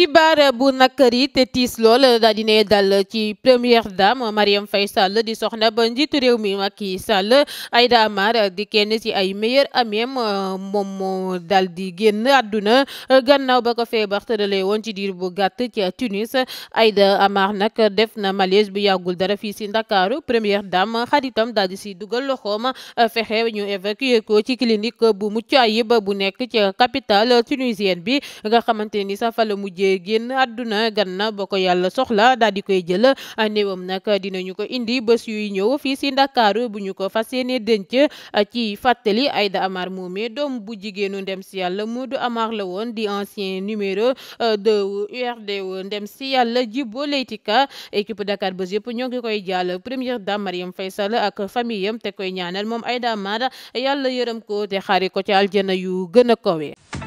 xibaar bu nakari te tiis lool daa dina dal ci première dame Marième Faye Sall di soxna ba njiitu réew mi Macky Sall Aïda Amar di kenn ci ay meilleur amiem moom moo dal di génn àdduna gannaaw ba ko feebar tëralee woon ci diir bu gàtt ci Tunis Aïda Amar nag def na malaise bi yàggul dara fii si Ndakaaru première dame xaritam daal di ci dugal loxoom fexe ñu évacuer ko ci clinique bu mucc ayib bu nekk ci capitale tunisienne bi nga xamante ni sax fa la mujjee mujjee génn àdduna ganna na ko yàlla soxla daal di koy jël néewam nag dinañu ko indi bés yuy ñëw fii si ndakaaru bu ñu ko fas yéene denc ci fàttali Aïda Amar moomee doom bu jigéenu ndem si yàlla mu du Amar la woon di ancien numéro euh, de URD ndem si yàlla Djibo Leyti Ka équipe Dakar Buzz yëpp ñoo ngi koy jàll première dame Mariam Faye ak famille yam te koy ñaanal moom Aïda Amar yàlla yërëm ko te xaari ko ci aljana yu gën a kawe